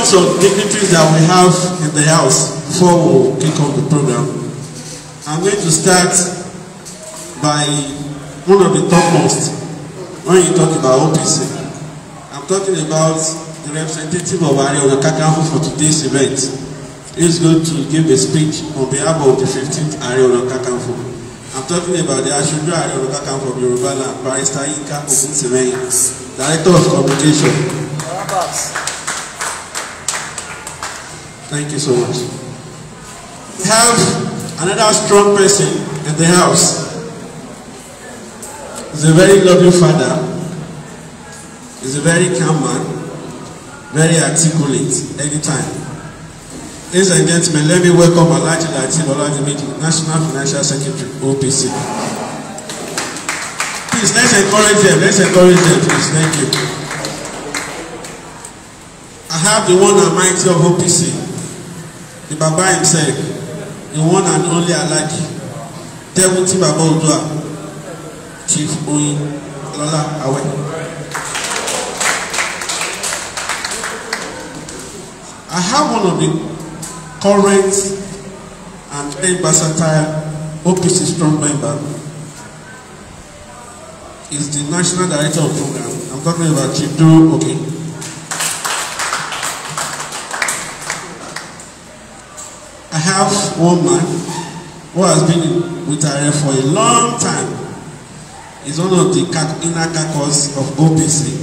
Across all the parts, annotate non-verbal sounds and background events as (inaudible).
terms of dignitaries that we have in the house before we kick off the program, I'm going to start by one of the topmost when you talk about OPC. I'm talking about the representative of Ariel Kakanfo for today's event. He's going to give a speech on behalf of the 15th Ariel Kakanfo. I'm talking about the Ashudu Ariel Kakanfo of Yoruba Land, Barrister Yinka Ogunsemeyin, Director of Communication. Thank you so much. We have another strong person in the house. He's a very loving father. He's a very calm man, very articulate anytime. Ladies and gentlemen, let me welcome Alaji Latif Oladimiji, National Financial Secretary, OPC. Please, let's encourage them. Let's encourage them, please. Thank you. I have the one and mighty of OPC, the baba himself the one and only Alhaji deputy baba Oòduà chief Oyin Lọlá Awẹ. I have one of the current and then versatile OPC strong member is the national director of program I'm talking about Chido Oke. Okay. I have one man who has been with Ààrẹ for a long time. He's one of the inner caucus of OPC.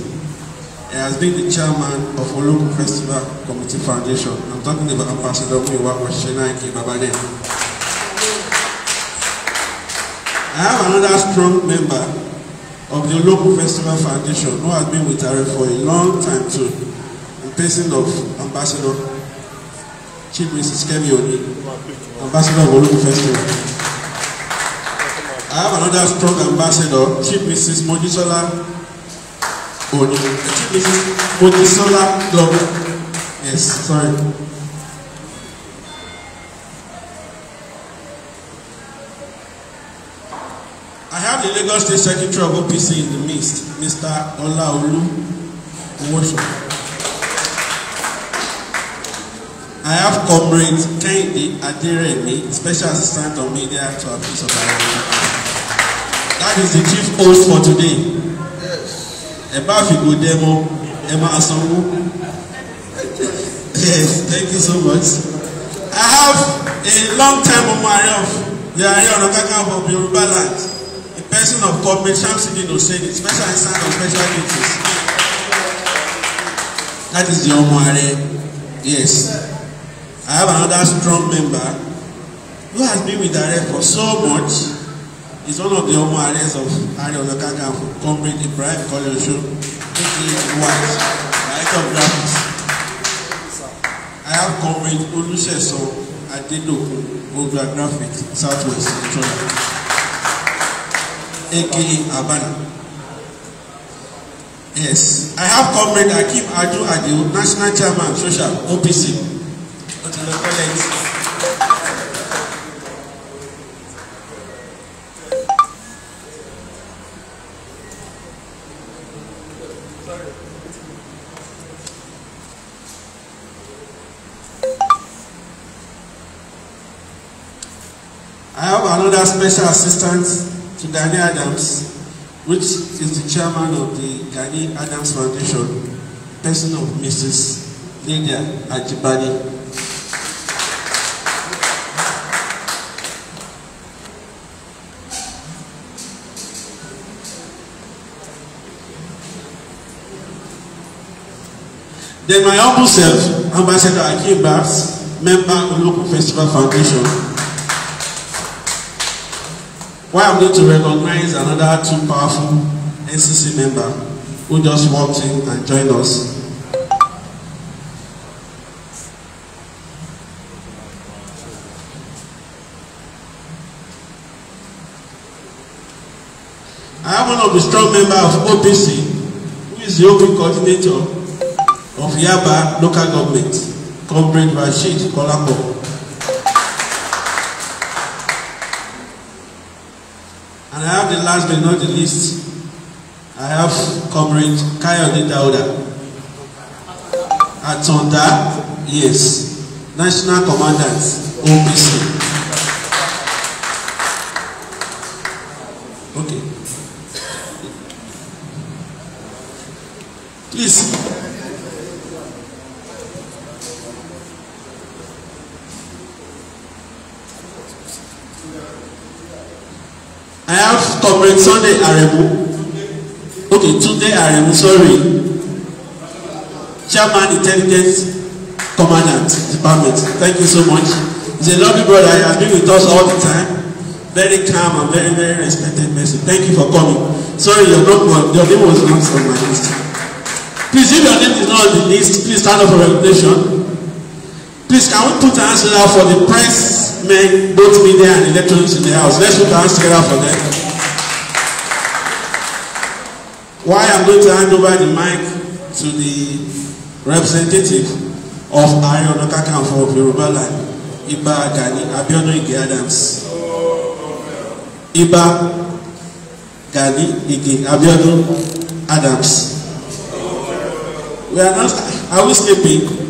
He has been the chairman of Olokun Festival Committee Foundation. I'm talking about Ambassador Miwa Oshenaiki Babade. I have another strong member of the Olokun Festival Foundation who has been with Ààrẹ for a long time too. In person of Ambassador Chief Mrs. Kemi Ode, Ambassador of Olugu Festival. I have another strong ambassador, Chief Mrs. Mojisola Ode, Chief Mrs. Mojisola Glover. Yes, sorry. I have the Lagos State Secretary of OPC in the midst, Mr. Olaolu Owocho. I have Comrade Kehinde Aderemi, Special Assistant on Media to Appeals of America. That is the chief host for today. Yes. bá fìgò dẹ́mọ́, ẹ Yes, thank you so much. I have a long time Ọmọ Ààrẹ of the on the back of Yorùbá land, a person of Comrade Shamsudeen Hussaini, Special Assistant on Special Duties. That is the Ọmọ yes. I have another strong member who has been with Ààrẹ for so much. He's one of the ọmọ ààrẹ of Ààrẹ Ọ̀nà Kakanfò, Comrade Ibrahim Kolesho, aka White, Director of Graphics. I have Comrade Oluseso Adedoku, Obra Graphics, Southwest Nigeria, aka Abana. Yes, I have Comrade Akim Adu Adio, National Chairman, Social, OPC. I have another special assistant to Danny Adams, which is the chairman of the Danny Adams Foundation, person of Mrs. Lydia Ajibadi. Then my humble self, Ambassador Akeem Babs, member of Local Festival Foundation. Why I'm going to recognize another two powerful NCC member who just walked in and joined us. I am one of the strong members of OPC, who is the OP coordinator of Yaba local government, Comrade Rashid Kolapo. And I have the last but not the least, I have Comrade Kayode Dauda. Atanda, yes, National Commandant, OPC. comrade Sunday Aremu okay Tunde Aremu sorry German intelligence commandant department thank you so much he's a lovely brother he has been with us all the time very calm and very very respected person thank you for coming sorry your number your name was not on my list please if your name is not on the list please stand up for recognition please can we put hands together for the press men both media and electronics in the house let's put hands together for them. Why I'm going to hand over the mic to the representative of Ààrẹ Ọ̀nà Kakanfò of Yorùbá land Iba Gani Abiodun Ige Adams. Iba Gani Ige Abiodun Adams. We are not, are we sleeping?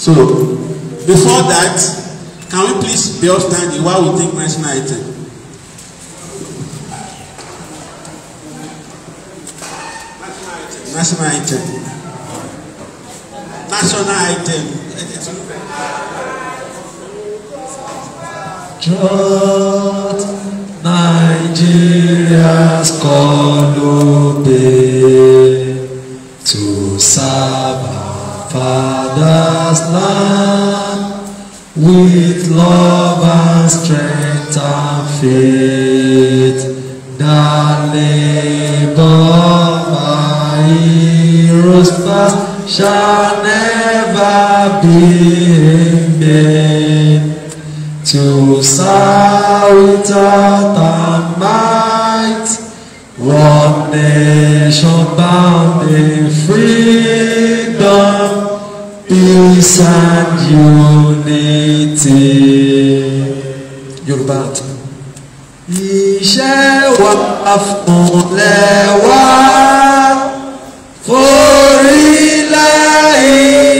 So, before that, can we please be all standing while we take national item? National item. National item. Jot Nigeria's call to serve. Father's love with love and strength and faith the labor my heroes past shall never be in vain to serve without our might one nation bound in freedom Inside unity. Yorùbá àti. Iṣẹ́ wa fúnlẹ̀ wá forílẹ̀ yìí.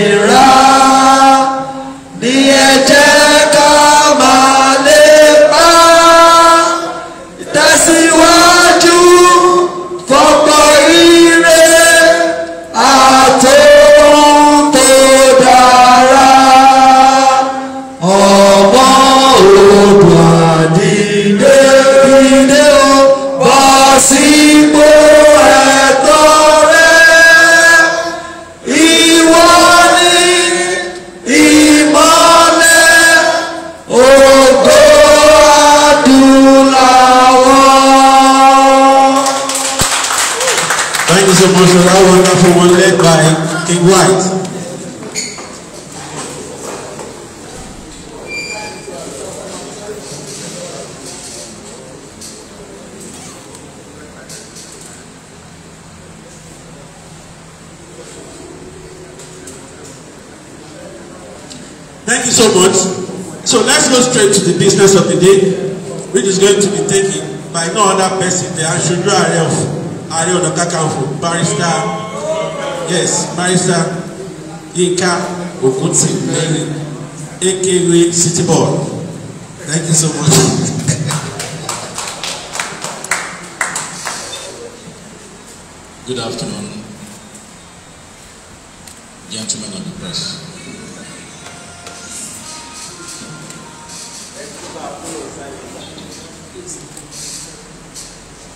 the aṣojú ààrẹ of ààrẹ ọ̀nà kakanfò barrister yes barrister Yinka Okuntimere akewe city board thank you so much.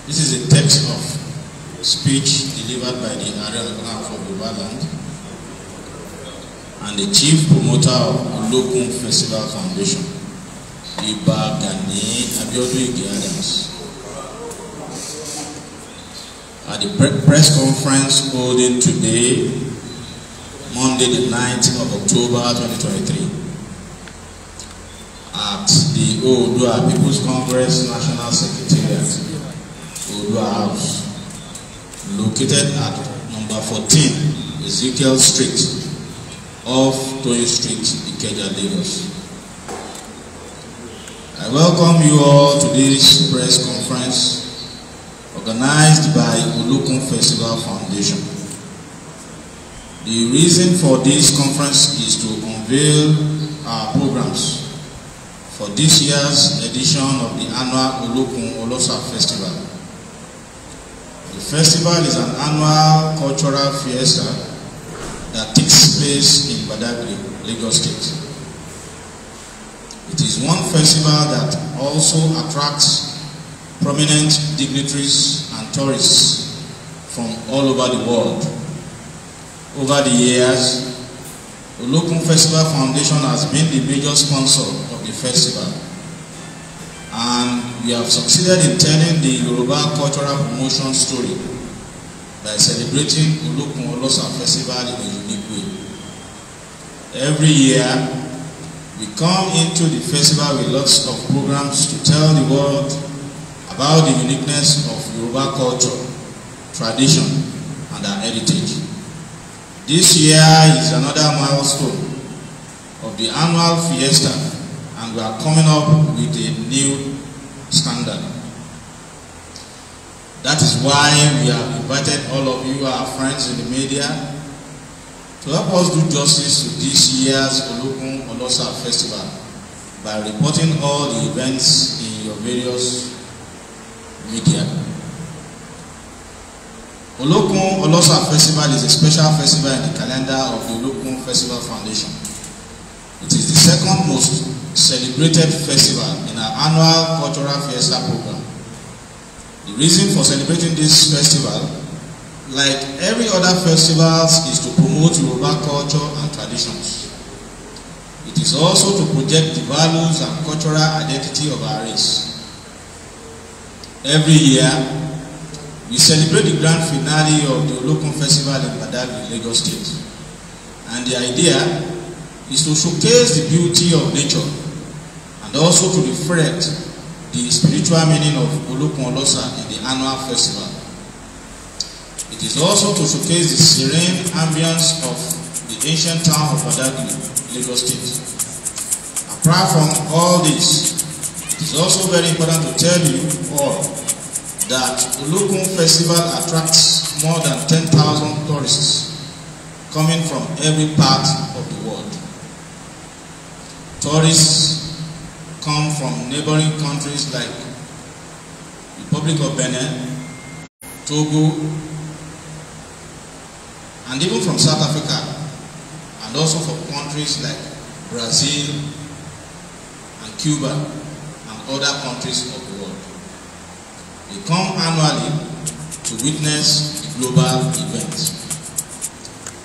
This is a text of speech delivered by the Ariel Clan of Land and the chief promoter of Olokun Festival Foundation, Iba Gani Abiodun Adams. At the pre press conference holding today, Monday the 9th of October 2023, at the Odua People's Congress National Secretary Odua House, located at number 14 Ezekiel Street off Toy Street, Ikeja, Lagos. I welcome you all to this press conference organized by Ulukun Festival Foundation. The reason for this conference is to unveil our programs for this year's edition of the annual Olokun Olosa Festival. The festival is an annual cultural fiesta that takes place in Badagry, Lagos State. It is one festival that also attracts prominent dignitaries and tourists from all over the world. Over the years, the Loko Festival Foundation has been the major sponsor of the festival and we have succeeded in telling the Yoruba cultural promotion story by celebrating Olokun Olosa festival in a unique way. Every year, we come into the festival with lots of programs to tell the world about the uniqueness of Yoruba culture, tradition, and our heritage. This year is another milestone of the annual fiesta and we are coming up with a new standard. That is why we have invited all of you, our friends in the media, to help us do justice to this year's Olukun Olosa Festival by reporting all the events in your various media. Olokun Olosa Festival is a special festival in the calendar of the Olokun Festival Foundation. It is the second most celebrated festival in our annual cultural fiesta program. The reason for celebrating this festival, like every other festivals, is to promote Yoruba culture and traditions. It is also to project the values and cultural identity of our race. Every year, we celebrate the grand finale of the Olokun Festival in Badal Lagos State. And the idea is to showcase the beauty of nature and also to reflect the spiritual meaning of Olokun in the annual festival. It is also to showcase the serene ambience of the ancient town of Badagry, Lagos State. Apart from all this, it is also very important to tell you all that Olokun Festival attracts more than 10,000 tourists coming from every part of the world. Tourists come from neighboring countries like Republic of Benin, Togo, and even from South Africa, and also from countries like Brazil and Cuba and other countries of the world. They come annually to witness global events.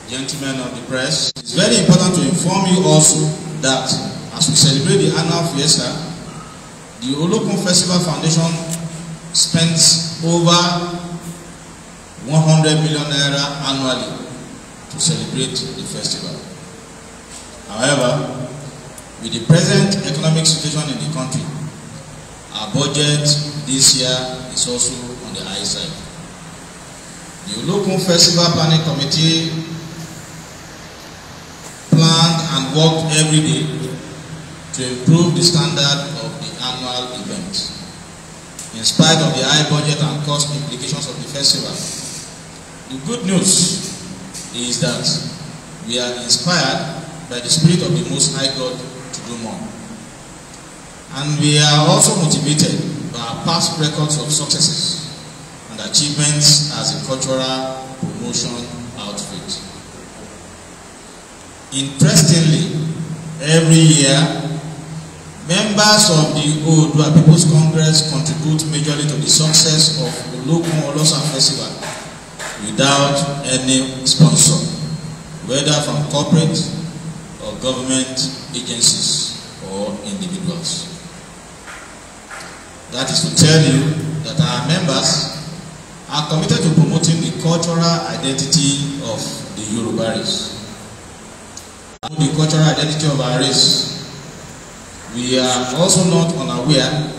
Gentlemen of the press, it's very important to inform you also that as we celebrate the annual fiesta, the Olokun Festival Foundation spends over 100 million naira annually to celebrate the festival. However, with the present economic situation in the country, our budget this year is also on the high side. The Olokun Festival Planning Committee planned and worked every day to improve the standard of the annual event. In spite of the high budget and cost implications of the festival, the good news is that we are inspired by the spirit of the Most High God to do more. And we are also motivated by our past records of successes and achievements as a cultural promotion outfit. Interestingly, every year Members of the Odua People's Congress contribute majorly to the success of Olokun Olosan Festival without any sponsor, whether from corporate or government agencies or individuals. That is to tell you that our members are committed to promoting the cultural identity of the Yoruba race. The cultural identity of our race we are also not unaware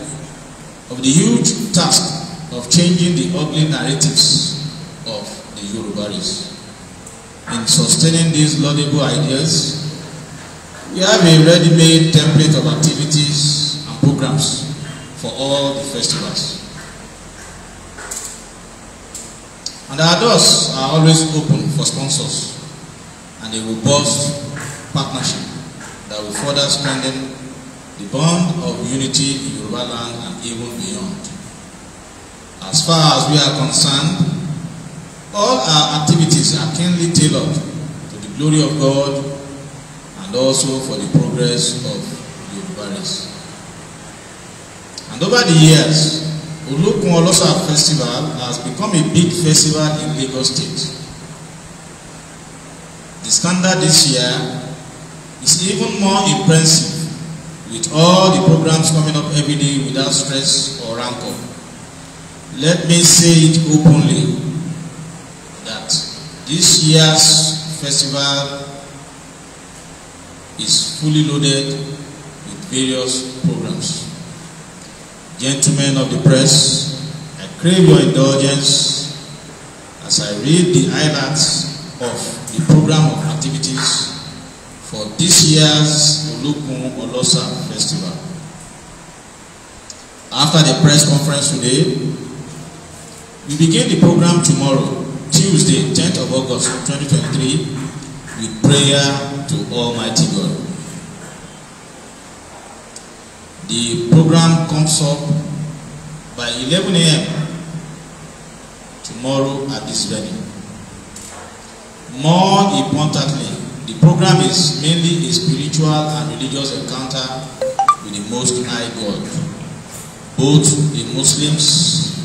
of the huge task of changing the ugly narratives of the Yorubaris. In sustaining these laudable ideas, we have a ready-made template of activities and programs for all the festivals. And our doors are always open for sponsors and a robust partnership that will further strengthen the bond of unity in Yoruba land and even beyond. As far as we are concerned, all our activities are keenly tailored to the glory of God and also for the progress of Yoruba And over the years, Olokun Olosa Festival has become a big festival in Lagos State. The standard this year is even more impressive with all the programs coming up every day without stress or rancor. Let me say it openly that this year's festival is fully loaded with various programs. Gentlemen of the press, I crave your indulgence as I read the highlights of the program of activities for this year's Olukun Olosa Festival. After the press conference today, we begin the program tomorrow, Tuesday, 10th of August 2023, with prayer to Almighty God. The program comes up by 11 a.m. tomorrow at this venue. More importantly, The program is mainly a spiritual and religious encounter with the Most High God. Both the Muslims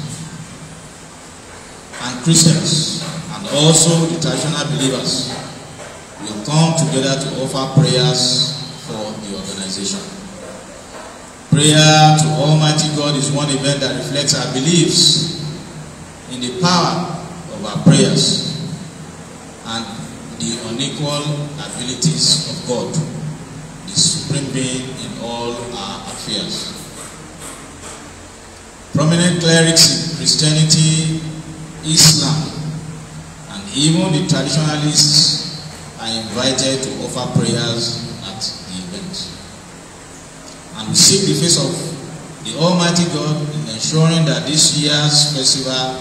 and Christians and also the traditional believers will come together to offer prayers for the organization. Prayer to Almighty God is one event that reflects our beliefs in the power of our prayers the unequal abilities of God, the supreme being in all our affairs. Prominent clerics in Christianity, Islam, and even the traditionalists are invited to offer prayers at the event. And we seek the face of the Almighty God in ensuring that this year's festival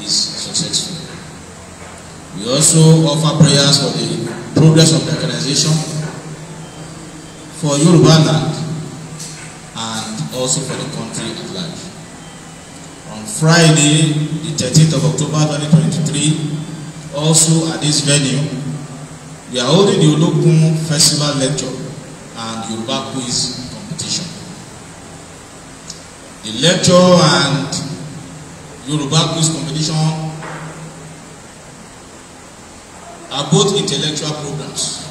is successful. We also offer prayers for the progress of the organization, for Yoruba land, and also for the country at large. On Friday, the 13th of October 2023, also at this venue, we are holding the Olokun Festival Lecture and Yoruba Quiz Competition. The lecture and Yoruba Quiz Competition are both intellectual programs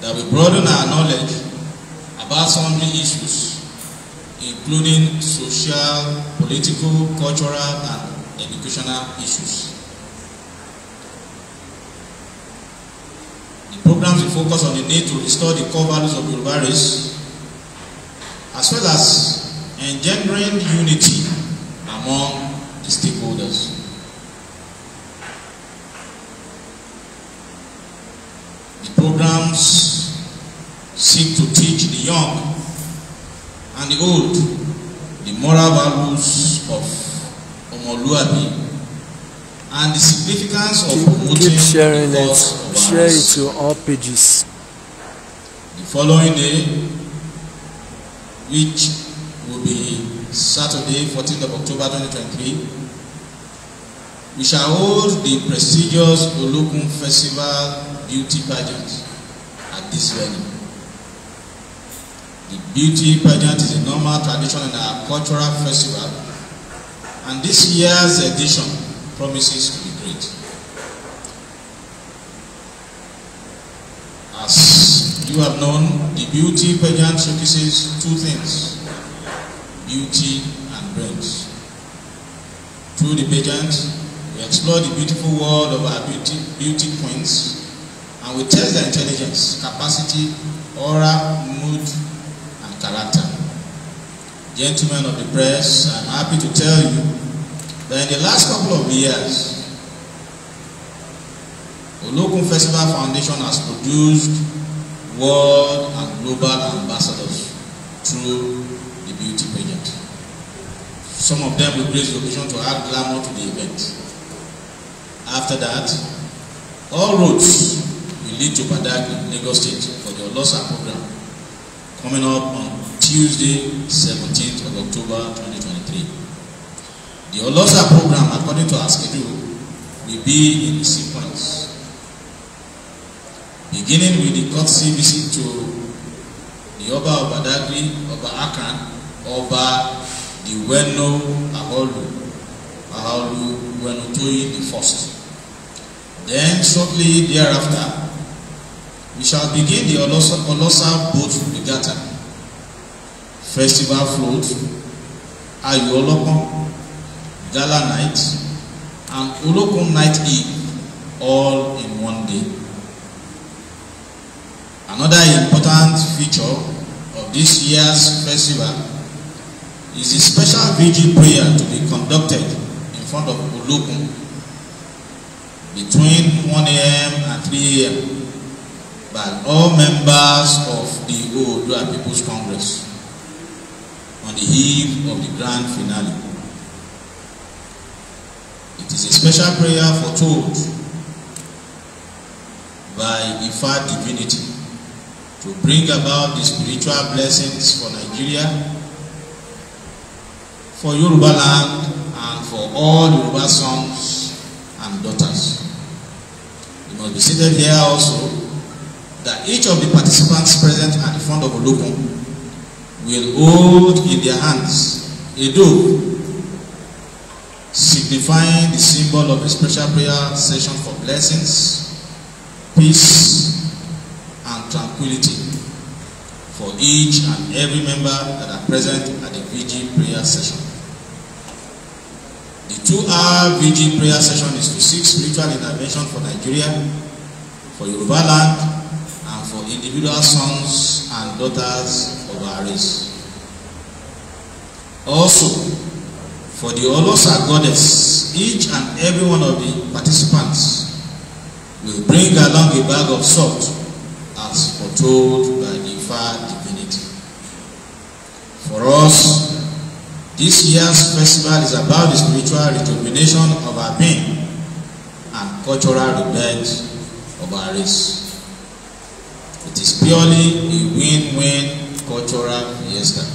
that will broaden our knowledge about sundry issues, including social, political, cultural, and educational issues. The programs will focus on the need to restore the core values of Yoruba race, as well as engendering unity among the stakeholders. programs seek to teach the young and the old the moral values of Omoluabi and the significance of promoting keep sharing it share it to all pages the following day which will be Saturday 14th of October 2023 we shall hold the prestigious Olukun Festival beauty pageant at this venue. The beauty pageant is a normal tradition in our cultural festival, and this year's edition promises to be great. As you have known, the beauty pageant showcases two things, beauty and brains. Through the pageant, we explore the beautiful world of our beauty, beauty queens and we test their intelligence, capacity, aura, mood, and character. Gentlemen of the press, I'm happy to tell you that in the last couple of years, Olokun Festival Foundation has produced world and global ambassadors through the beauty pageant. Some of them will grace the occasion to add glamour to the event. After that, all roads lead to Badak in Lagos State for the Olosa program coming up on Tuesday, 17th of October 2023. The Olosa program, according to our schedule, will be in sequence, beginning with the courtesy visit to the Oba of Badagry, Oba Akan, Oba the Weno Aholu, Aholu Weno the first. Then shortly thereafter, We shall begin the Olosa boat regatta, festival float, Ayo Olokun, gala night, and Olokun night eve, all in one day. Another important feature of this year's festival is a special vigil prayer to be conducted in front of Olokun between 1 a.m. and 3 a.m by all members of the Oodua People's Congress on the eve of the grand finale. It is a special prayer foretold by Ifa divinity to bring about the spiritual blessings for Nigeria, for Yoruba land, and for all Yoruba sons and daughters. You must be seated here also that each of the participants present at the front of Olokun will hold in their hands a dove signifying the symbol of a special prayer session for blessings, peace, and tranquility for each and every member that are present at the VG prayer session. The two-hour VG prayer session is to seek spiritual intervention for Nigeria, for Yoruba land, for individual sons and daughters of our race. Also, for the Olosa goddess, each and every one of the participants will bring along a bag of salt as foretold by the far divinity. For us, this year's festival is about the spiritual rejuvenation of our being and cultural rebirth of our race. It is purely a win-win cultural fiesta.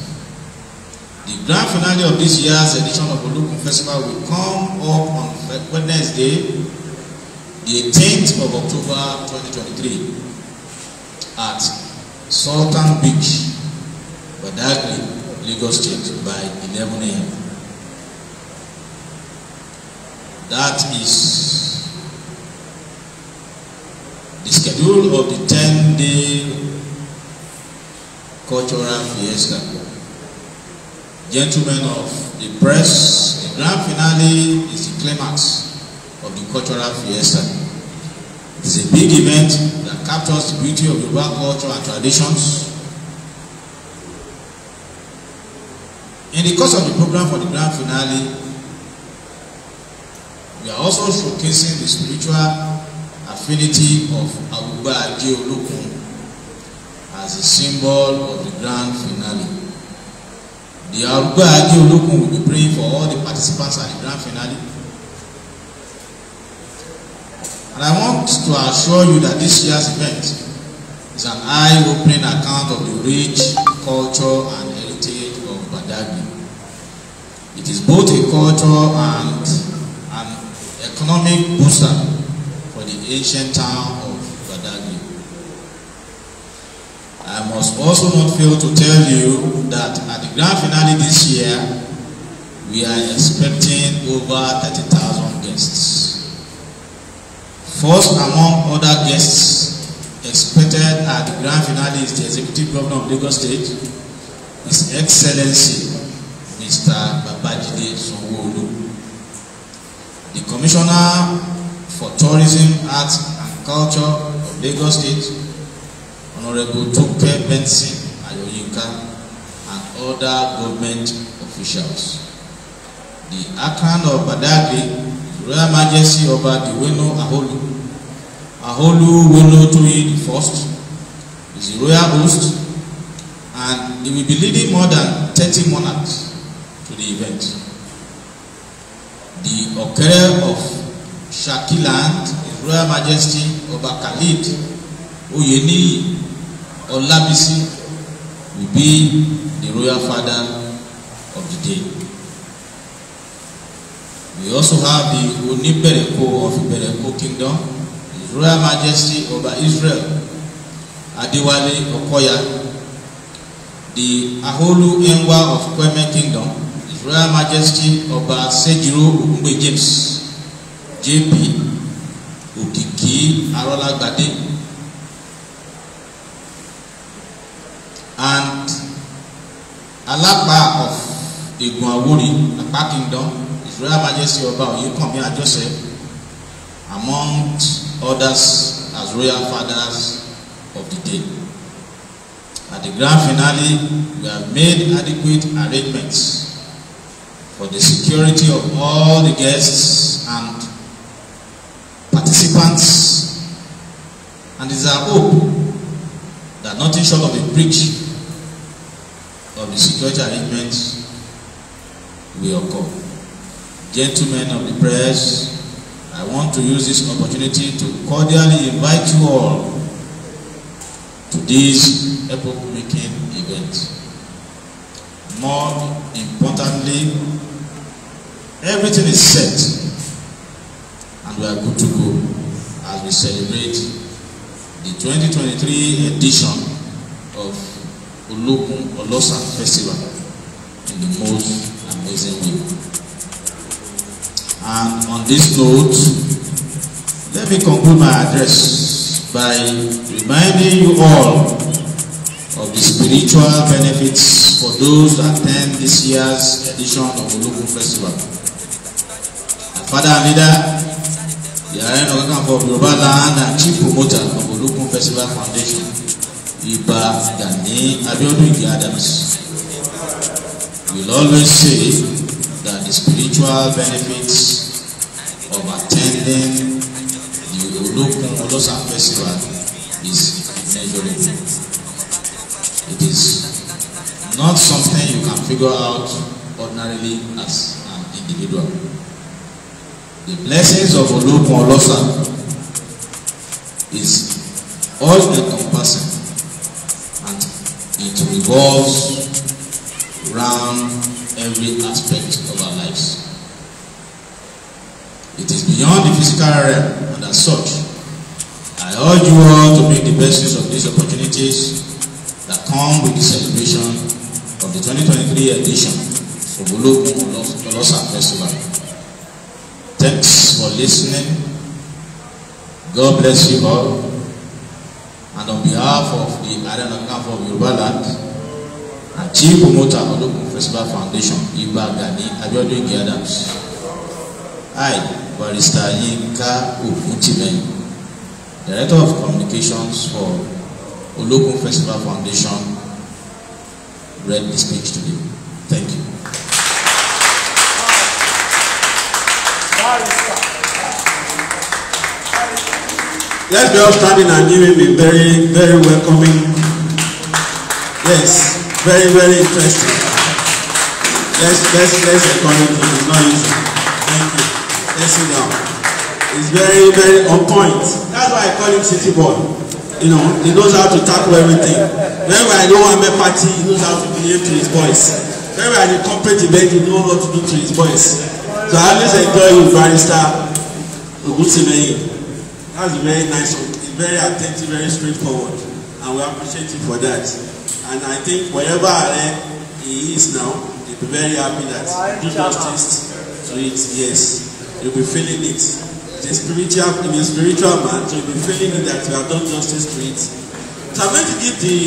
The grand finale of this year's edition of Olukun Festival will come up on Wednesday, the 18th of October 2023 at Sultan Beach, Badagry, Lagos State by 11 a.m. That is The schedule of the 10-day cultural fiesta. Gentlemen of the press, the grand finale is the climax of the cultural fiesta. It is a big event that captures the beauty of Yoruba culture and traditions. In the course of the program for the grand finale, we are also showcasing the spiritual affinity of Abugba Aje Olokun as a symbol of the grand finale. The Abugba Aje Olokun will be praying for all the participants at the grand finale. And I want to assure you that this year's event is an eye-opening account of the rich culture and heritage of Badagi. It is both a culture and an economic booster of the ancient town of Badagry. I must also not fail to tell you that at the grand finale this year, we are expecting over 30,000 guests. First among other guests expected at the grand finale is the Executive Governor of Lagos State, His Excellency, Mr. Babajide Sanwo-Olu. The Commissioner for Tourism, Arts and Culture of Lagos State, Honorable Toke Benson Ayoyinka, and other government officials. The Akan of Badagry, Royal Majesty Oba Diweno Aholu, Aholu Weno Tui First, is the royal host, and he will be leading more than thirty monarchs to the event. The occurrence of Shakiland His Royal Majesty Ọba Khalid Oyeniyi Olabisi will be the royal father of the day. We also have the Onibereko of Ibereko Kingdom His Royal Majesty Ọba Israel Adewale Okoya the Aholu Enwa of Kweme Kingdom His Royal Majesty Ọba Sejiro Ogungbe James jp òkìkí arọ́lágbadé and alapa of egun awori apa kingdom his royal majesty ọba oyekanmi ajọsẹ among others as royal fathers of the day at the grand finale we have made adequate arrangements for the security of all the guests and participants. And it is our hope that nothing short of a breach of the security arrangements will occur. Gentlemen of the press, I want to use this opportunity to cordially invite you all to this epoch-making event. More importantly, everything is set We are good to go as we celebrate the 2023 edition of Olokun Olosa Festival in the most amazing way. And on this note, let me conclude my address by reminding you all of the spiritual benefits for those that attend this year's edition of Olokun Festival. Father Amida The Ààrẹ Ọ̀nà Kakanfò Yorùbá Land Chief Promoter of Olókun Festival Foundation Ìbà Gani Abiodun Ige Adams will always say that the spiritual benefits of attending the Olókun Olosan Festival is measurable. It is not something you can figure out ordinarily as an individual. The blessings of Olokun Olosa is all encompassing and it revolves around every aspect of our lives. It is beyond the physical realm and as such, I urge you all to make the best use of these opportunities that come with the celebration of the 2023 edition of Olokun Olosa Festival. Thanks for listening. God bless you all. And on behalf of the Arena of Yoruba Land, and chief promoter ológun festival foundation Iba Gani Abiodun igi Adams i barrister Yinka Oguntimehin director of communications for ológun festival foundation read the speech today thank you. Let's be all standing and giving me very, very welcoming. Yes, very, very interesting. Let's let's let's acknowledge it. It's not easy. Thank you. Let's sit down. It's very, very on point. That's why I call him City Boy. You know, he knows how to tackle everything. Whenever I know I'm a party, he knows how to behave to his boys. Whenever I do corporate event, he knows what to do to his boys. So I always enjoy you, Barrister Ogunsemeyi. That's very nice. He's very attentive, very straightforward, and we appreciate you for that. And I think wherever Ààrẹ he is now, he'll be very happy that you justice to it. Yes, he'll be feeling it. The spiritual, He's a spiritual man, so he'll be feeling it that we have done justice to it. So I'm going to give the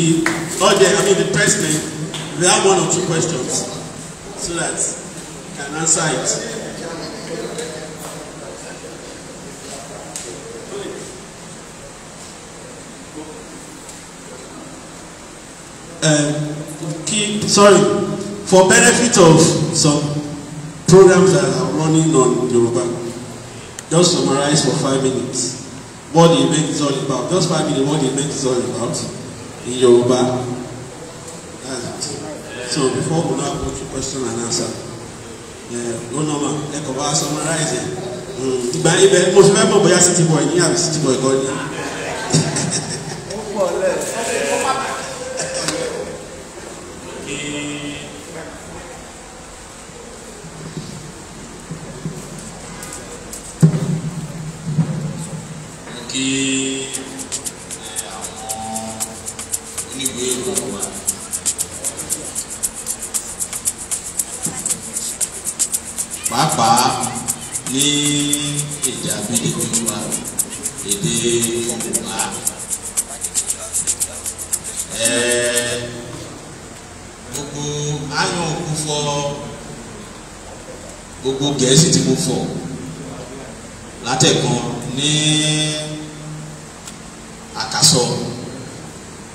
audience, I mean the pressmen, we have one or two questions so that can answer it. Um, keep sorry for benefit of some programs that are running on Yoruba just summarize for five minutes what the event is all about just five minutes what the event is all about in Yoruba that's it so before we now go to question and answer no uh, normal lẹkọọ bá summarize ẹ hmm, ìgbà ibẹ mo fẹ́ mọ̀ bóyá city boy ní àbí city boy kọ́ ni. (laughs) pé eh, àwọn oníwèé ìròyìn wa. pàápàá ní èdè abínibí wa èdè Yorùbá eh, gbogbo ayọ̀ òkú fọ gbogbo gẹ̀ẹ́sì tí mo fọ látẹ̀kan ní àkàsọ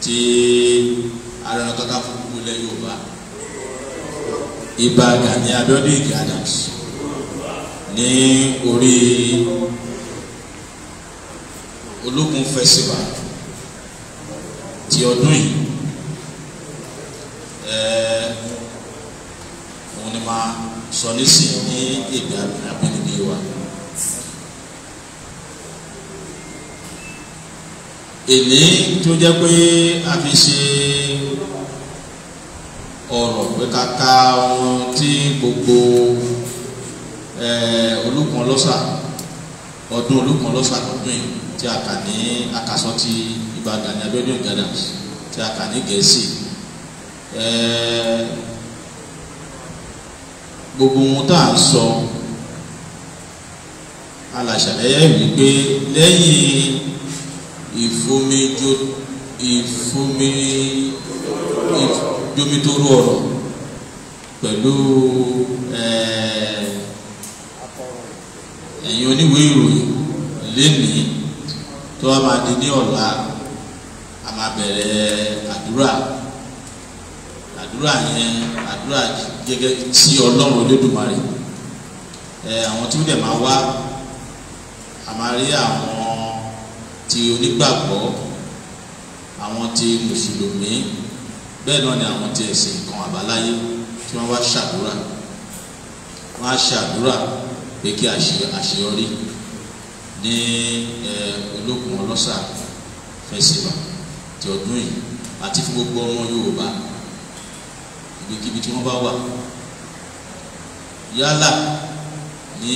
tí Ààrẹ Ọ̀nà Kakanfò gbogbo ilẹ̀ Yorùbá Ìbà Gani Abiodun Ige ní orí ológun festival ti ọdún yìí ẹ̀ẹ́ òun ni máa sọ nísìnyí ní èdè àbínibí wa. èmi tó jẹ́ pé a fi ṣe ọ̀rọ̀ pé kàkà ohun tí gbogbo olùkọ́ lọ́sà ọdún olùkọ́ lọ́sà lọ́dún yìí tí a kà ní akasọ́ ti Ìbà Gani Abíọ́dún Ìgádà tí a kà ní Gẹ̀ẹ́sì gbogbo ohun tá à ń sọ alàṣàlẹ́yẹ wípé lẹ́yìn ìfomijo ìfomi ìjomitoro ọ̀rọ̀ pẹ̀lú eh, ẹ̀yin oníwèé ìròyìn lénìí tó a máa di ní ọ̀la a máa bẹ̀rẹ̀ àdúrà àdúrà yẹn àdúrà gẹ́gẹ́ tí ọlọ́run olódùmarè eh, àwọn tí ó dẹ̀ máa wá a máa rí àwọn ti onígbàgbọ́ àwọn ti mùsùlùmí bẹ́ẹ̀ náà ni àwọn ti ẹ̀sìn kan àbáláyé tí wọ́n wá ṣàdúrà wọ́n á ṣàdúrà pé kí àṣeyọrí ní olókun ọlọ́sà fẹsibà ti ọdún yìí àti fún gbogbo ọmọ Yorùbá ibikíbi tí wọ́n bá wà yálà ní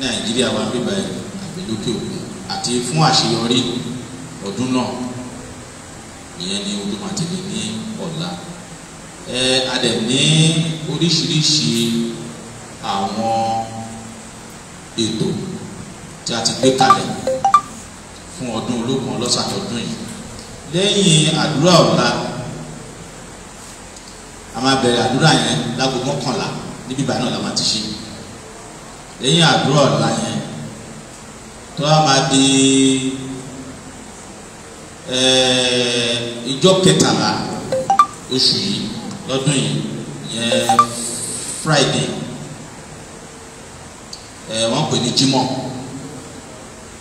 Nàìjíríà wa bíbá ẹ̀ àbí lókè òkun àti fún àṣeyọrí ọdún náà ìyẹn ni olùmọ̀tẹ́lẹ̀ ní ọ̀la ẹ adẹ̀ ní oríṣiríṣi àwọn ètò tí a ti gbé kalẹ̀ fún ọdún ológun ọlọ́sàtọ̀dún yìí lẹ́yìn àdúrà ọ̀la a máa bẹ̀rẹ̀ àdúrà yẹn lágbo mọ́kànlá níbí ìbànú la máa ti ṣe lẹ́yìn àdúrà ọ̀la yẹn tó a máa di ìjọ kẹtàlá oṣù yìí lọ́dún yìí yẹn Friday wọ́n pè ní Jímọ̀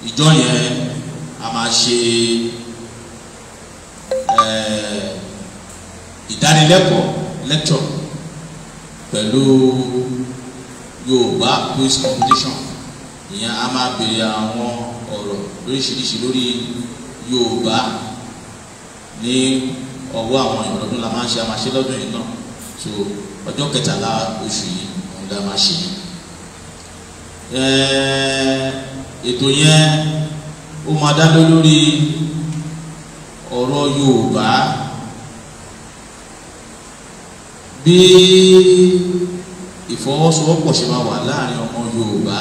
ìjọ yẹn a máa ṣe ìdánilẹ́kọ̀ọ́ lecture pẹ̀lú Yorùbá quiz competition ìyẹn a máa béèrè àwọn ọ̀rọ̀ lóríṣiríṣi lórí Yorùbá ní ọwọ́ àwọn ìrọ̀lọ́dún la máa ń ṣe a máa ṣe lọ́dún yìí náà so ọjọ́ kẹtàlá oṣù yìí òun la máa ṣe ètò yẹn ó máa dá lé lórí ọ̀rọ̀ Yorùbá bí ìfọwọ́sowọ́pọ̀ ṣe máa wà láàrin ọmọ Yorùbá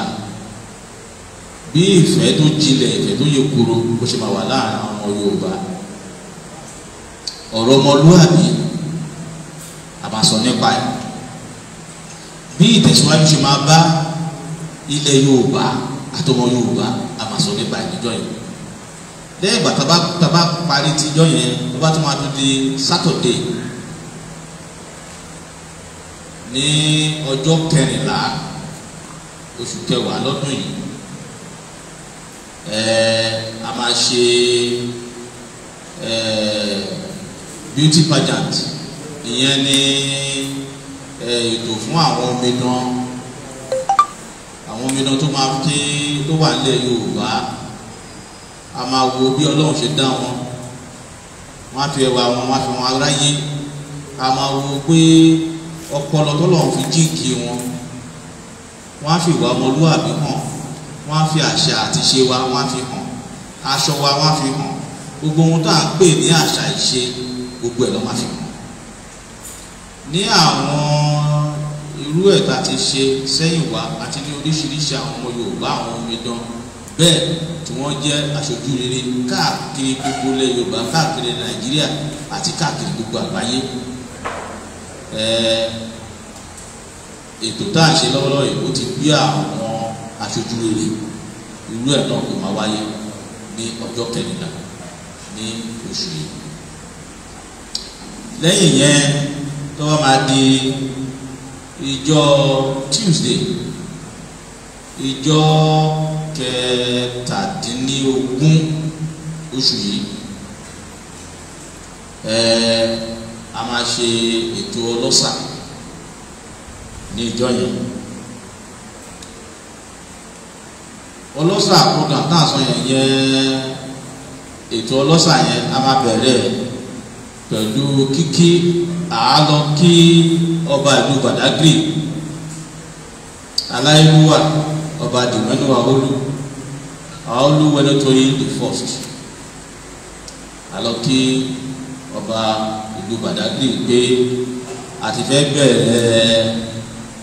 bí ìfẹ́ tó jinlẹ̀ ìfẹ́ tó yẹ kúrò bó ṣe máa wà láàrin àwọn Yorùbá ọ̀rọ̀ ọmọlúwàbí a máa sọ nípa ẹ̀ bí ìtẹ̀síwájú ṣe máa bá ilẹ̀ Yorùbá àtọmọ Yorùbá a máa sọ nípa ẹ̀ níjọ́ yẹn lẹ́yìn ìgbà tàbá tàbá parí tijọ́ yẹn tó bá tún máa tún di sátọ̀dé ní ọjọ́ kẹrìnlá oṣù kẹwàá lọ́dún yìí a máa ṣe beauty pageant ìyẹn ni ètò fún àwọn omidan àwọn omidan tó máa fi tó wà nílẹ̀ Yorùbá a máa wo bí Ọlọ́run ṣe dá wọn wọn á fi ẹwà wọn wọn á fi wọn aráyé a máa wo pé ọpọlọ tọ́lọ́run fi jíǹkì wọn wọn á fi ìwà ọmọlúwàbí hàn wọ́n á fi àṣà àti ṣe wa wọ́n á fi hàn aṣọ wa wọ́n á fi hàn gbogbo ohun tá à ń pè ní àṣà ìṣe gbogbo ẹ̀ ló máa fi hàn. ní àwọn irú ẹ̀ tá a ti ṣe sẹ́yìn wá àti ní oríṣiríṣi àwọn ọmọ Yorùbá àwọn omidan bẹ́ẹ̀ tí wọ́n jẹ́ aṣojú rere káàkiri gbogbo ilẹ̀ Yorùbá káàkiri Nàìjíríà àti káàkiri gbogbo àgbáyé ètò tá a ṣe lọ́wọ́lọ́wọ́ yìí ó ti gbé àwọn àṣejúwe rẹ̀ irú ẹ̀ náà kò máa wáyé ní ọjọ́ kẹrìnlá ní oṣù yìí lẹ́yìn yẹn tó bá máa di ìjọ Tuesday ìjọ kẹtàdínlógún oṣù yìí ẹ̀ẹ́ a máa ṣe ètò ọlọ́sà ní ìjọ yìí. ọlọ́sà program tá a sọ yẹn yẹn ètò ọlọ́sà yẹn a máa bẹ̀rẹ̀ pẹ̀lú kíkí àálọ́ kí ọba ìlú Badagry aláìlúwà ọba dìmẹ́nuwa olú olúwẹ̀lẹ́tọ́yé the first àlọ́ kí ọba ìlú Badagry pé a ti fẹ́ bẹ̀rẹ̀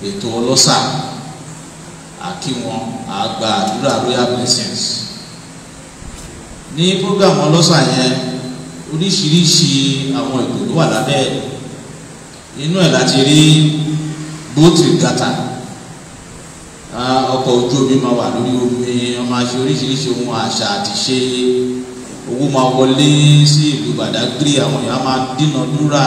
ètò ọlọ́sà á kí wọn á gba àdúrà royal blessings ní program ọlọ́sàn yẹn oríṣiríṣi àwọn ètò ló wà lábẹ́ inú ẹ̀ láti rí bóòtù gàtà ọkọ̀ ojú omi máa wà lórí omi ọmọ aṣọ oríṣiríṣi ohun àṣà àti ṣe owó máa wọlé sí ìlú Badagry àwọn èèyàn máa dínàdúrà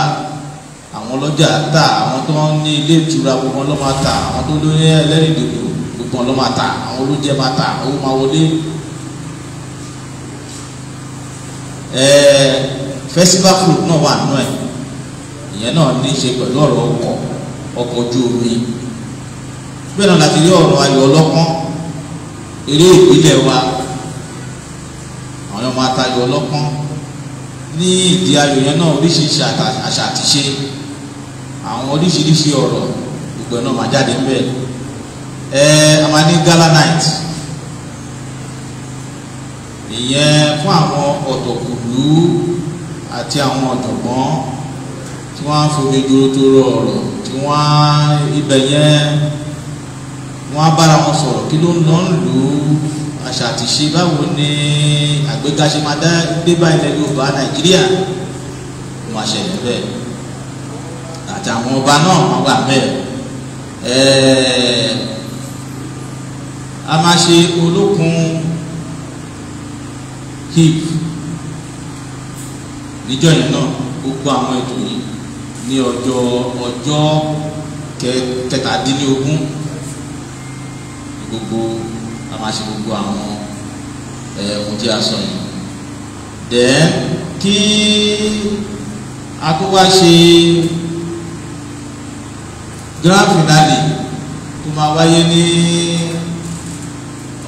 àwọn ọlọ́jà tà àwọn tó ń ní ilé ìtura wọn lọ́ máa tà àwọn tó lóyún ẹlẹ́rìndòdò gbogbo ọlọ́ máa ta àwọn olóúnjẹ máa ta owó máa wọlé ẹ̀ẹ́ festival food náà wà nù ẹ̀ ìyẹn náà ní í ṣe pẹ̀lú ọ̀rọ̀ ọkọ̀ ọkọ̀ ojú omi bẹ́ẹ̀ náà láti rí ọ̀rọ̀ ayọ̀ ọlọ́pọ́n eré ìpínlẹ̀ wa àwọn ọmọ atayọ̀ ọlọ́pọ́n ní ìdí ayọ̀ yẹn náà oríṣiríṣi àṣà àti ṣe àwọn oríṣiríṣi ọ̀rọ̀ gbogbo náà máa jáde ńbẹ̀ ẹ eh, àmà gala night ìyẹn fún àwọn ọ̀tọ̀kùlú àti àwọn ọ̀jọ̀gbọ́n tí wọ́n á fomi dúró tó rọ ọ̀rọ̀ tí wọ́n á ibẹ̀ yẹn wọ́n á bára wọn sọ̀rọ̀ kí ló ń lọ ń lò ó àṣà àti ṣe báwo ni àgbéga ṣe máa dé bá ilẹ̀ Yorùbá Nàìjíríà wọ́n á ṣẹlẹ̀ àti àwọn ọba náà wọ́n wà bẹ́ẹ̀ eh, a máa ṣe olókun hip níjọ́ yẹn náà gbogbo àwọn ètò yìí ní ọjọ́ ọjọ́ kẹtàdínlógún gbogbo a máa ṣe gbogbo àwọn ohun tí a sọ yìí dẹ́n kí a tó wá ṣe grand finale tó máa wáyé ní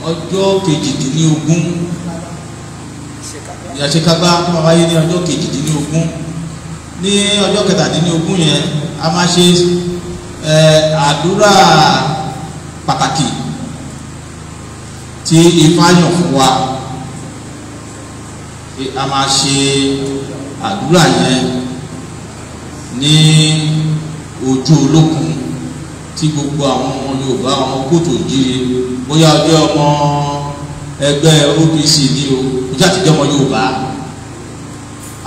ọjọ́ kejìdínlógún ìyàṣekágbá tó máa wáyé ní ọjọ́ kejìdínlógún ní ọjọ́ kẹtàdínlógún yẹn a máa ṣe àdúrà pàtàkì tí ifá yàn fún wa a máa ṣe àdúrà yẹn ní ojú olókun tí gbogbo àwọn ọmọ Yorùbá ọmọ kóòtù òjìrì bóyá ọjọ́ ọmọ ẹgbẹ́ OPC ni o ojú àtijọ́ ọmọ Yorùbá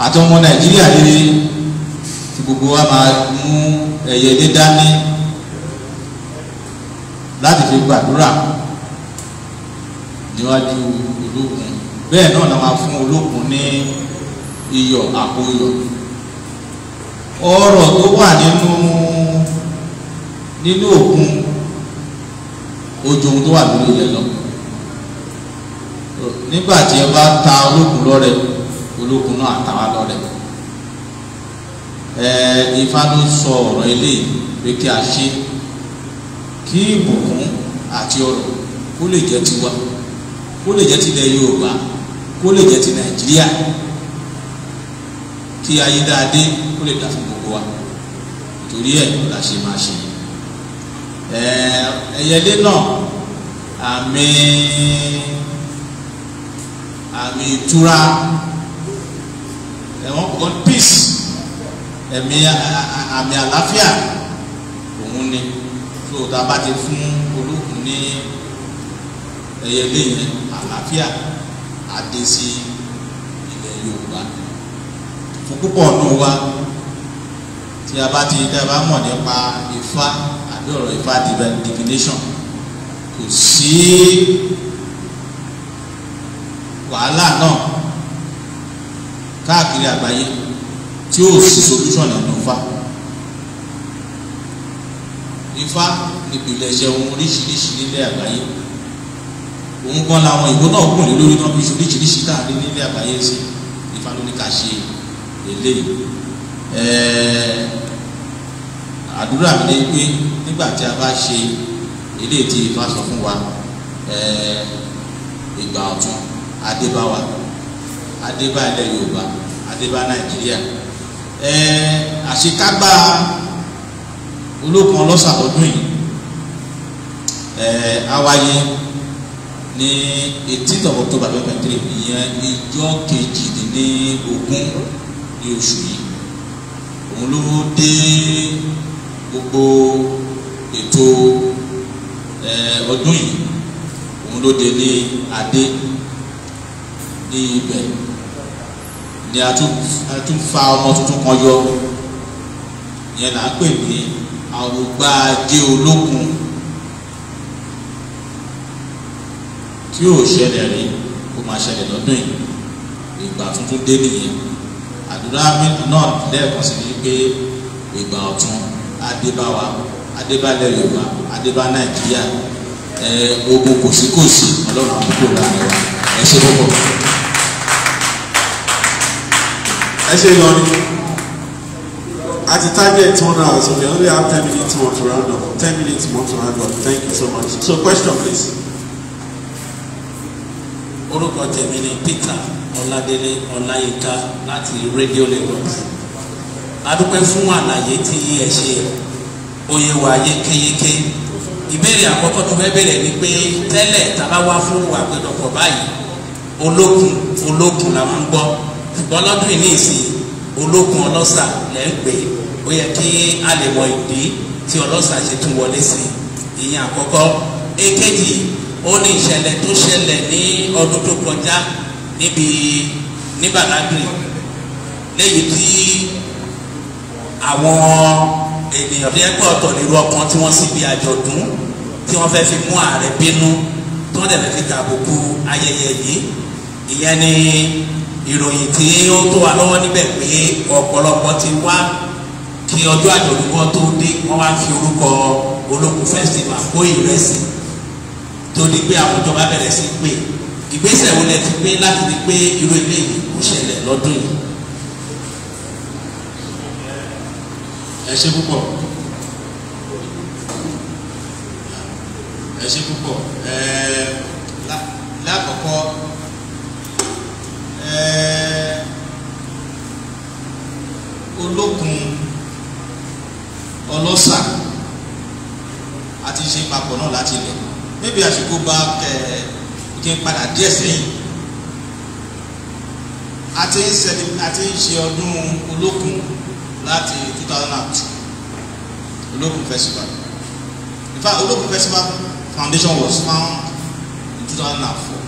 àti ọmọ Nàìjíríà rere tí gbogbo wa máa mú ẹ̀yẹ dé dání láti fi gbàdúrà níwájú olókun bẹ́ẹ̀ náà la máa fún olókun ní iyọ̀ àpò iyọ̀ ọ̀rọ̀ tó wà nínú nínú òkun ojú ohun tó wà lórí ilẹ̀ lọ nígbà tí ẹ bá ta olókun lọ́rẹ olókun náà àtàwà lọ́rẹ ẹ ifá ló sọ ọ̀rọ̀ eléyìí pé kí a ṣe kí ìbùkún àti ọrọ̀ kó lè jẹ́ tiwa kó lè jẹ́ tilẹ̀ Yorùbá kó lè jẹ́ ti Nàìjíríà kí ayé dáadé kó lè dà fún gbogbo wa torí ẹ̀ la ṣe máa ṣe yìí ẹyẹlé náà àmì àmì ìtura ẹ̀wọ̀n kò kàn peace ẹ̀mí àmì àlàáfíà òun ni tó o ta bá ti fún olókùn ní ẹyẹlé yẹn àlàáfíà adé sí ilẹ̀ Yorùbá fún púpọ̀ ọ̀nà wa tí a bá ti dá mọ̀ nípa Ifá lọ́rọ̀ ifá divination kò sí wàhálà náà káàkiri àgbáyé tí ó sì solution nínú ifá ifá nípìnlẹ̀ ẹ̀ṣẹ̀ ohun oríṣiríṣi nílẹ̀ àgbáyé òun kan làwọn ìbò náà kùn ní lórí náà fi oríṣiríṣi káàkiri nílẹ̀ àgbáyé sí ifá ló ní ká ṣe eléyìí ẹ̀ẹ́ àdúrà mi ni pé nígbà tí a bá ṣe eléyìí tí ìfà sọ fún wa eh, ìgbà ọ̀tún adébáwa adébá ilẹ̀ yorùbá adébá nàìjíríà eh, àṣekágbá olókun ọlọ́sà lọ́dún yìí àwáyé eh, ní eighteenth of october twenty twenty three ìyẹn ìjọ kejìdínlógún ní oṣù yìí òun ló dé gbogbo ètò ọdún yìí òun ló dé ní adé ní ibẹ̀ ni a tún fa ọmọ tuntun kan yọ yẹn là ń pè ní àrògbáajé olókun tí yóò ṣẹlẹ̀ rí kó máa ṣẹlẹ̀ lọ́dún yìí ìgbà tuntun dé nìyẹn àdúrà náà lẹ́ẹ̀kan sí ni pé ìgbà ọ̀tun adébáwa adébálẹ̀ yorùbá adébá nàìjíríà ẹ ogun kòsíkòsí ọlọ́run àbúkò láàrin wa ẹ ṣe púpọ̀. ẹ ṣe lọrin at the target one hour so we only have ten minutes more to round up ten minutes more to round up thank you so much so question please. orúkọ tèmi ni Peter Ọládélé Ọláyínká láti Radio Lagos adúpẹ́ fún àlàyé tí ẹ ṣe oyè wa yékéyéké ìbéèrè àkọ́kọ́ tó fẹ́ bẹ̀rẹ̀ ni pé tẹ́lẹ̀ tàbá wá fún àpéjọpọ̀ báyìí olókun olókun la máa ń gbọ́ ṣùgbọ́n lọ́dún yìí ní ìsìn olókun ọlọ́sà lẹ́ ń pè ó yẹ kí a lè mọ ìdí tí ọlọ́sà ṣe tún wọlé sí ìyẹn àkọ́kọ́ èkejì ó ní ìṣẹ̀lẹ̀ tó ṣẹlẹ̀ ní ọdún tó kọjá níbi ní Badagry léyìí tí àwọn ènìyàn tó yẹ pé ọ̀tọ̀ nírú ọkàn tí wọ́n sì bí àjọ̀dún tí wọ́n fẹ́ fi mú ààrẹ bínú tí wọ́n dẹ̀ fi tàbùkù ayẹyẹ yìí ìyẹn ni ìròyìn tí ó tó wa lọ́wọ́ níbẹ̀ pé ọ̀pọ̀lọpọ̀ ti wá kí ọjọ́ àjọ̀dún kan tó dé wọ́n wá fi orúkọ olókùn festival kó ìrẹsì tó di pé àwọn ìjọba bẹ̀rẹ̀ sí pé ìgbésẹ̀ wo lẹ ti gbé láti di pé irú ilé yìí kò ṣẹlẹ̀ lọ́dún yìí. ẹ ṣé púpọ̀ ẹ ṣé púpọ̀ ẹ̀ẹ́ lákọ̀ọ́kọ́ ẹ̀ẹ́ olókun ọlọ́sà àti ṣe papọ̀ náà láti ilẹ̀ níbi àsìkò bá ẹ̀ẹ́ jẹ́ padà díẹ̀ sẹ́yìn àti ń ṣe ọdún olókun láti two thousand and two olókùn festival in fact olókùn festival foundation was found in two thousand and four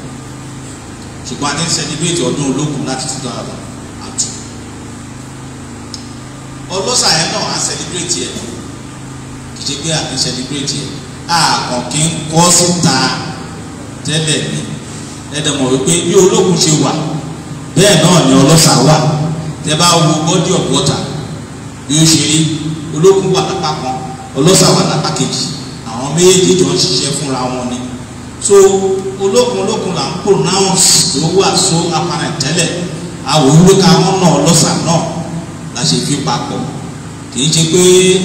ṣùgbọ́n a ti ń celebrate ọdún olókùn láti two thousand and two olóṣà yẹn náà a celebrate yẹn kì í ṣe pé a ti celebrate yẹn a kàn kí n kọ́ síta tẹ́lẹ̀ mi ẹ̀dẹ̀ mọ̀ wípé bí olókùn ṣe wà bẹ́ẹ̀ náà ni olóṣà wà tẹ́ bá wo body of water ní í ṣe rí olókùn wà lápá kan ọlọ́sà wà lápá kejì àwọn méjèèjì jọ ń ṣiṣẹ́ fúnra wọn ni so olókùn olókùn là ń pronounce ló wà so apara tẹ́lẹ̀ àwọn olóka wọn náà ọlọ́sà náà la ṣe fi papọ̀ kì í ṣe pé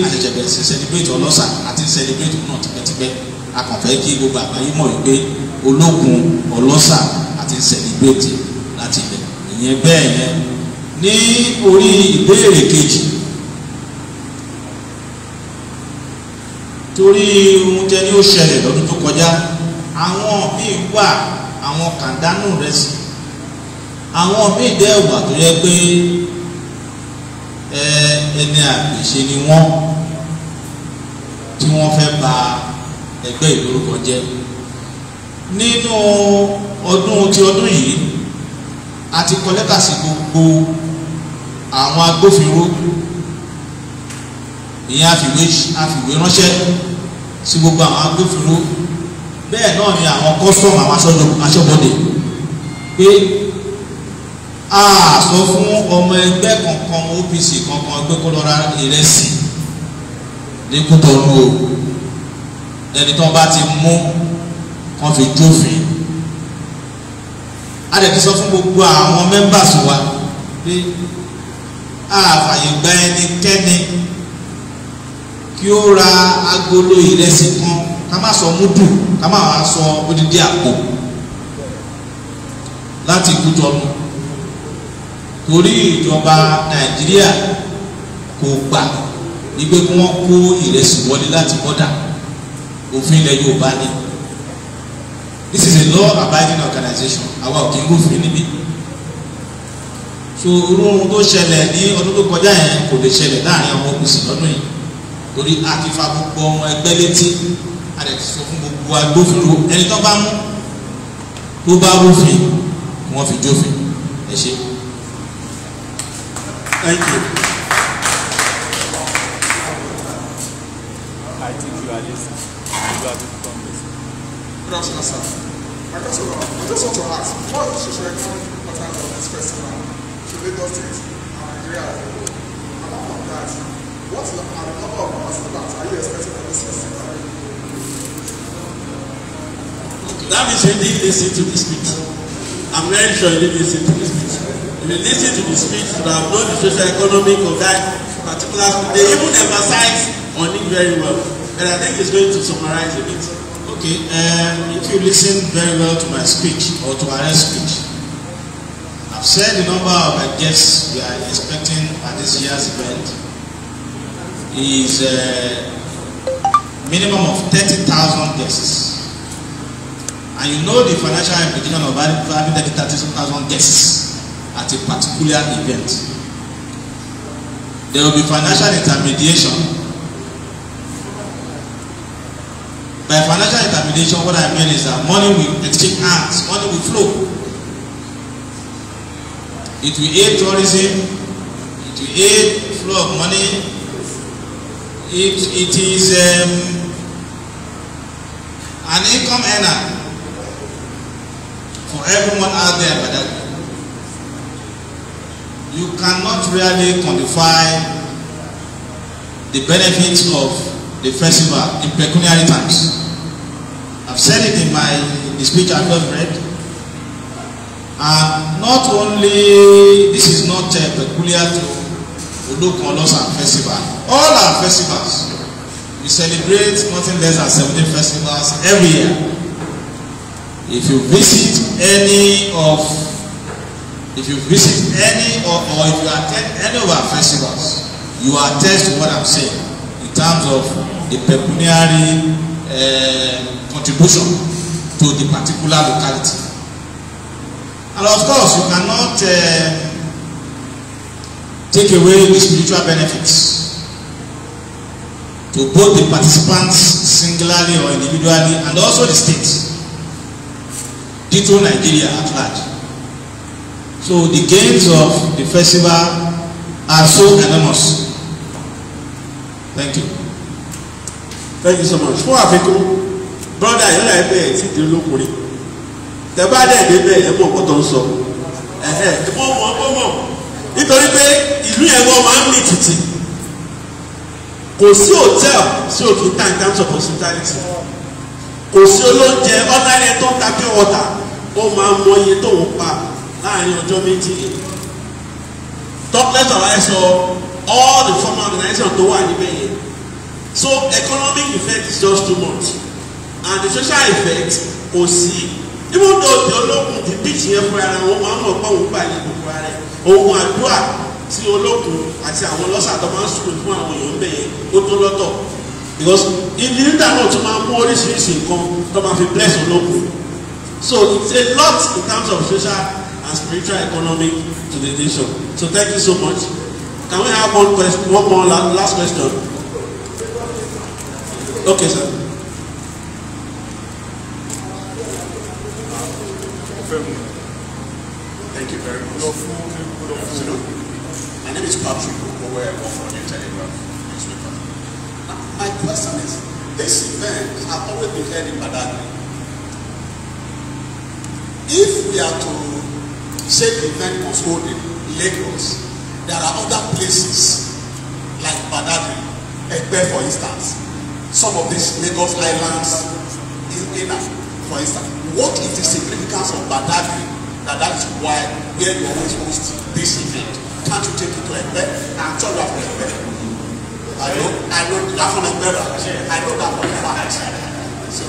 àṣẹṣẹ bẹ̀rẹ̀ sí celebrate ọlọ́sà àti celebrate náà tipẹ́tipẹ́ a kàn fẹ́ kí gbogbo àgbáyé mọ̀ wípé olókùn ọlọ́sà àti celebrate láti ilẹ̀ ìyẹn bẹ́ẹ̀ yẹn ní orí ìbéèrè kejì torí ohun tẹ ní ó ṣẹlẹ̀ lọ́dún tó kọjá àwọn míì wà àwọn kàndánù rẹ̀ sí àwọn míì dẹ́ wà tó yẹ pé ẹni àgbèsè ni wọ́n tí wọ́n fẹ́ ba ẹgbẹ́ ìlórúkọ jẹ́ nínú ọdún ti ọdún yìí a ti kọ lẹ́tà sí gbogbo àwọn agbófinró ìyẹn àfìwé àfìwé ránṣẹ́ sí gbogbo àwọn agbófinró bẹ́ẹ̀ náà ni àwọn kọ́sọ̀mù àwọn aṣọ́bodè pé a sọ fún ọmọ ẹgbẹ́ kankan OPC kankan pé kó lọ ra ìrẹsì ní Kútọ̀nù o ẹni tó bá ti mú kàn fi jófin a dẹ̀ ti sọ fún gbogbo àwọn members wa pé a fàyè gba ẹnikẹ́ni kí ó ra agolo ìrẹsì kan ká má sọ múdù ká má wàá sọ odidi àpò láti kú tọnu torí ìjọba nàìjíríà kò gbà wípé kí wọ́n kó ìrẹsì wọlé láti bọ́dà òfin ilẹ̀ yorùbá ni this is a law abiding organization àwa ò kí n gbófin níbí so irú ohun tó ṣẹlẹ̀ ní ọdún tó kọjá yẹn kò lè ṣẹlẹ̀ láàrin ọmọ òkùnsìn lọ́dún yìí torí àkìfà gbogbo ọmọ ẹgbẹ́ létí àti sọ fún gbogbo agbófinró ẹni tó bá mú tó bá rúfin wọ́n fi jófin ẹ ṣe. Thank you. What are the number of that are you expecting for this festival? That means you didn't listen to the speech. I'm very sure you didn't listen to the speech. If you listen to the speech, you have known the socio-economic of that particular speech. They even emphasize on it very well. And I think it's going to summarize a bit. Okay, um, if you listen very well to my speech or to our speech, I've said the number of guests we are expecting at this year's event is a uh, minimum of thirty thousand guests. And you know the financial implication of having thirty thousand guests at a particular event. There will be financial intermediation. By financial intermediation, what I mean is that money will exchange hands, money will flow. It will aid tourism, it will aid flow of money It, it is um, an income earner for everyone out there but that you cannot really quantify the benefits of the festival in pecuniary terms. I've said it in my in the speech I just read. And not only this is not uh, peculiar to Olokun Olosan festival all our festivals we celebrate nothing less than seventeen festivals every year if you visit any of if you visit any or or if you attend any of our festivals you attest to what i'm saying in terms of the pecuniary uh, contribution to the particular locality and of course you cannot. Uh, take away the spiritual benefits to both the participants singularly or individually and also the state dito Nigeria at large so the gains of the festival are so enormous thank you. thank you so much fún àfikún brother yìí láì bẹ́ẹ̀ ti di olókùnrin tẹ bá dẹ̀ dé bẹ́ẹ̀ ẹ mọ̀ kó tó ń sọ ẹ mọ̀ mọ̀ mọ̀ mọ̀ nítorí pé ìlú yẹn wọ́n máa ń mì tìtì kò sí hòtẹ́ẹ̀l sí òkè tá in terms of hospitality kò sí olóúnjẹ ọ̀nàrẹ̀ tó ń ta pure water ó máa mọ iye tó ń pa láàrin ọjọ́ méjì tọ́pẹ́tì ọ̀rọ̀ sọ all the formal organization tó wà níbẹ̀ yẹn so economic effect is just too much and the social effect kò sí even though the ológun the beach yẹn fúnra wọn máa ń mọ̀ pé òun gbà ní gbogbo ara ẹ̀ ohun àdúrà tí olókun àti àwọn ọlọ́sà tó máa ń sùn fún àwọn èèyàn bẹ̀ yẹn ó tó lọ́tọ̀ because ìdí nígbà náà tó máa ń mú oríṣiríṣi nǹkan tó máa fi bless olókun so it's a lot in terms of social and spiritual economy to the nation so thank you so much can we have one question one more last question okay sir. Thank you very much this country go where or for New Telegraph newspaper. my question is, this event has always been held in Badagry. If we are to say the event was held in Lagos, there are other places like Badagry, Egbe for instance, some of these Lagos islands in Ghana for instance. What is the significance of Badagry that that is why we are always host this event? can't you take people like that? I'm sure you have I know, I know that one is better. I know that one is bad. So,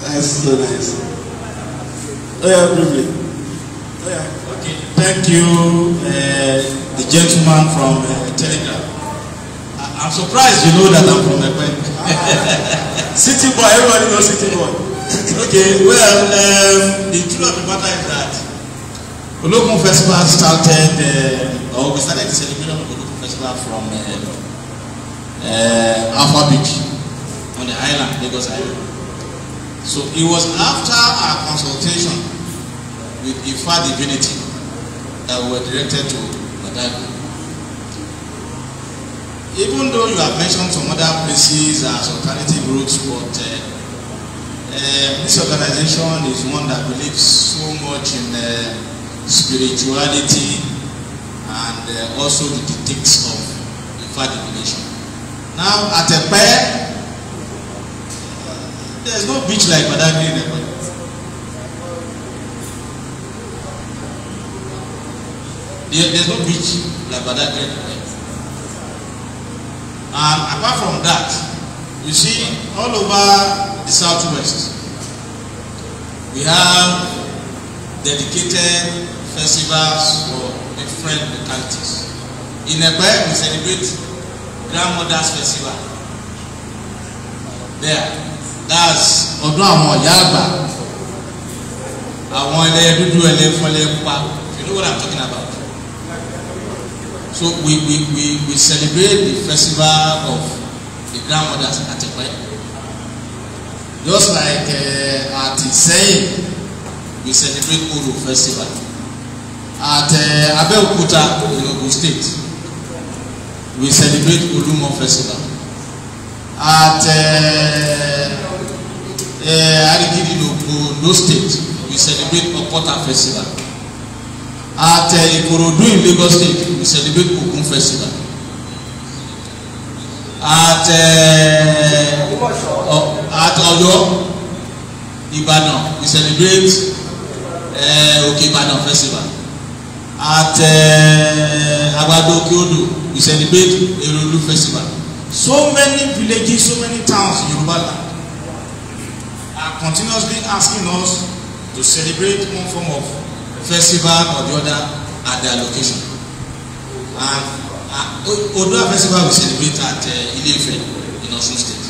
that's so nice. Oh yeah, briefly. Oh yeah. Okay. Thank you, uh, the gentleman from uh, Telegram. I- I'm surprised you know that I'm from the Ekwe. Ah. (laughs) City boy, everybody knows City boy. (laughs) okay, well, um, the truth of the matter is that Olokun Festival started, uh, or we started the celebration of Olokun Festival from uh, uh, Alpha Beach on the island, Lagos Island. So it was after our consultation with Ifa Divinity that we were directed to Badagry. Even though you have mentioned some other places as alternative routes, but uh, uh, this organization is one that believes so much in uh, spirituality and uh, also the dictates of Ifa divination. Now at a Epe, uh, is no beach like Badagry in Epe. There, is no beach like Badagry in Epe. And apart from that, you see all over the southwest, we have dedicated festivals for different localities. In Epe, we celebrate grandmother's festival. There, that's ọdún àwọn ọ̀yá àgbà àwọn ẹlẹ́ dúdú ẹlẹ́ fọlẹ́ pupa you know what I'm talking about. So we we we we celebrate the festival of the grandmothers at Epe. Just like uh, at Iseyin we celebrate Uru festival at uh, Abeokuta in Ogun State we celebrate Olumo festival at uh, uh, Arigidi in Ondo State we celebrate Okota festival at uh, Ikorodu in Lagos State we celebrate Ogun festival at uh, uh, at Oyo Ibadan we celebrate uh, Òkè Ìbàdàn festival at uh, Agbado Òkè Odò we celebrate Erolu festival so many villages so many towns in Yoruba land are continuously asking us to celebrate one form of festival or the other at their location and uh, Odua festival we celebrate at uh, ile in Osun state